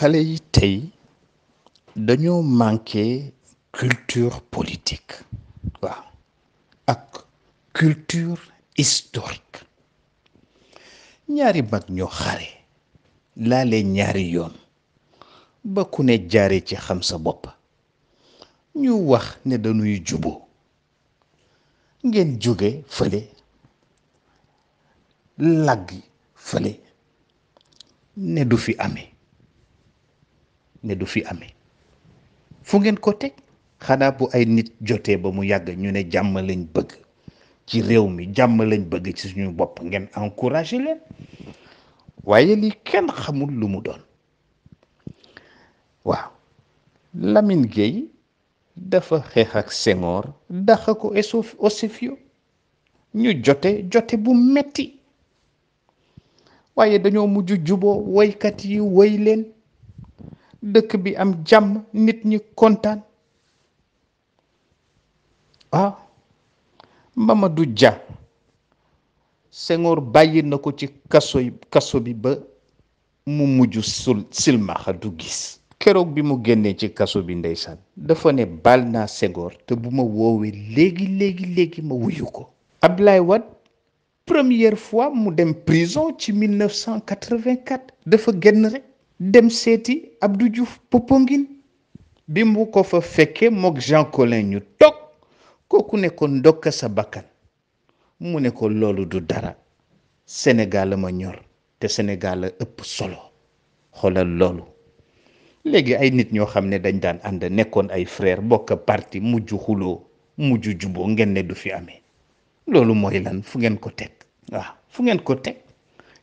xale yi tey dañoo manqué culture politique waaw ak culture historique ñaari mag ñoo xare laale ñaari yoon ba ku ne jaare ci xam sa bopp ñu wax ne dañuy juboo ngeen jóge fële lagg fële ne du fi ame ne du fi amee fu ngeen ko teg xanaa bu ay nit jotee ba mu yàgg ñu ne jàmm lañ bëgg ci réew mi jàmm lañ bëgg ci suñu bopp ngeen encouragé leen waaye li kenn xamul lu mu doon waaw Lamine Gueye dafa xeex ak Senghor dax ko Osifio ñu jote jote bu metti waaye dañoo mujj juboo woykat yi woy leen dëkk bi am jàmm nit ñi kontaan waaw ah, Mamadou Dia Senghor bàyyi na ko ci kaso kaso bi ba mu mujj silmaxa du gis keroog bi mu génnee ci kaso bi ndeysaan dafa ne baal naa Senghor te bu ma woowee léegi léegi léegi ma wuyu ko ab lay wat première fois mu dem prison ci 1984 dafa génn rek dem seeti juuf Diouf ngin bi mu ko fa fekkee mook Jean Collin ñu toog kooku ne ko sa bakkan mu ne ko loolu du dara Sénégal la ma ñor te Sénégal la ëpp solo xoolal loolu léegi ay nit ñoo xam ne dañ daan ànd nekkoon ay frère bokk parti mujj xuloo mujj juboo ngeen ne du fi amee loolu mooy lan fu ngeen ko teg waaw fu ngeen ko teg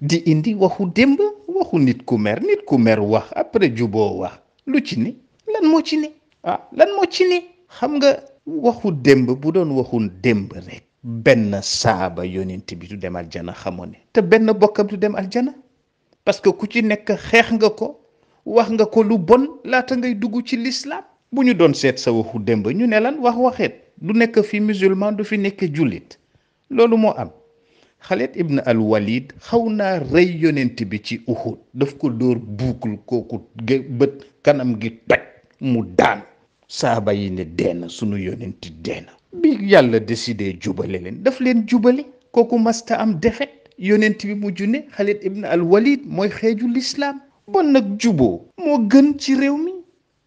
di indi waxu démb waxu nit ku mer nit ku mer wax après juboo wax lu ci ni lan moo ci ne ah lan moo ci ne xam nga waxu démb bu doon waxu démb rek benn saaba yonent bi du dem aljana xamoo ne te benn bokkam du dem aljana parce que ku ci nekk xeex nga ko wax nga ko lu bon laata ngay dugg ci lislaam bu ñu doon seet sa waxu démb ñu ne lan wax waxeet du nekk fi musulman du fi nekk jullit loolu moo am Khalid ibn al Walid xaw naa rey yonent bi ci Uhud daf ko dóor buukul kooku bët kanam ngi toj mu daan saaba yi ne deena sunu yonent deena bi yàlla décidé jubale leen daf leen jubale kooku masta am defet yonent bi mujj ne Khalid ibn al Walid mooy xeeju lislaam bon nag juboo moo gën ci réew mi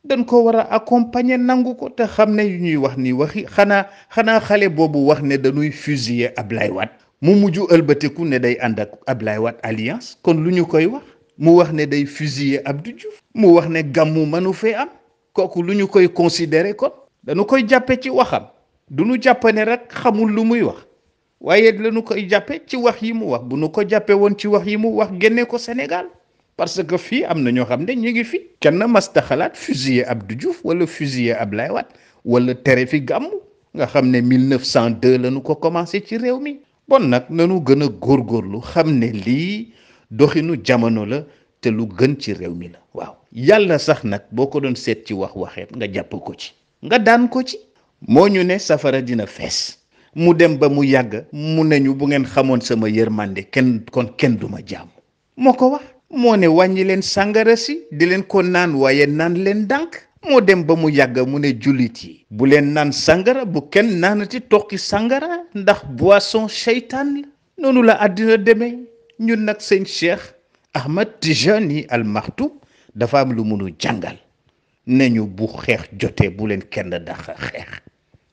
dañ ko war a accompagner nangu ko te xam ne yu ñuy wax ni waxi xanaa xanaa xale boobu wax ne dañuy fusiller Ablaye Wade mu mujj ëlbatiku ne day ànd ak Ablaye Wade alliance kon lu ñu koy wax mu wax ne day fusiller du Diouf mu wax ne gàmmu mënu fee am kooku lu ñu koy considérer kon dañu koy jàppe ci waxam du ñu jàpp ne rek xamul lu muy wax waaye lañu koy jàppe ci wax yi mu wax bu nu ko jàppe woon ci wax yi mu wax génne ko Sénégal parce que fii am na ñoo xam ne ñu ngi fi kenn masta xalaat fusiller Abdou Diouf wala fusiller Ablaye wat wala tere fi gàmmu nga xam ne 1902 la ñu ko commencé ci réew mi bon nag nanu gën a góorgóorlu xam ne lii doxinu jamono la te lu gën ci réew mi la waaw yàlla sax nag boo ko doon seet ci wax waxeet nga jàpp ko ci nga daan ko ci moo ñu ne safara dina fees mu dem ba mu yàgg mu nañu bu ngeen xamoon sama yërmande kenn kon kenn duma jàmm moo ko wax moo ne wàññi sàngara si di leen ko naan waaye naan leen dànk moo dem ba mu yàgg mu ne jullit yi bu leen naan sàngara bu kenn naanati tokki sàngara ndax boisson seytaan la noonu la àddina demee ñun nag seen cheikh Ahmad Tijani Al dafa am lu munu jàngal nañu bu xeex jotee bu leen kenn daxa xeex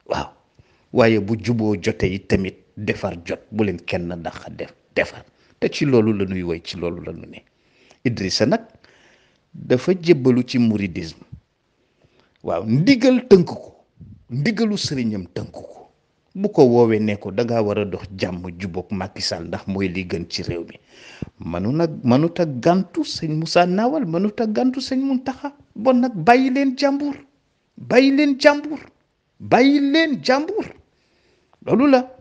waaw waaye bu juboo jotee yi tamit defar jot bu leen kenn ndax def defar te ci loolu la nuy woy ci loolu la ñu ne Idrissa nag dafa jëbbalu ci mouridisme waaw ndigal tënk ko ndiggalu sëriñam tënk ko bu ko woowee ne ko da ngaa war a dox jàmm jubóog Macky Sall ndax mooy lii gën ci réew mi manu nag manuta gàntu sëñ Moussa Nawal manuta gàntu sëñ taxa bon nag bàyyi leen jàmbur bàyyi leen jàmbur bàyyi leen jàmbur loolu la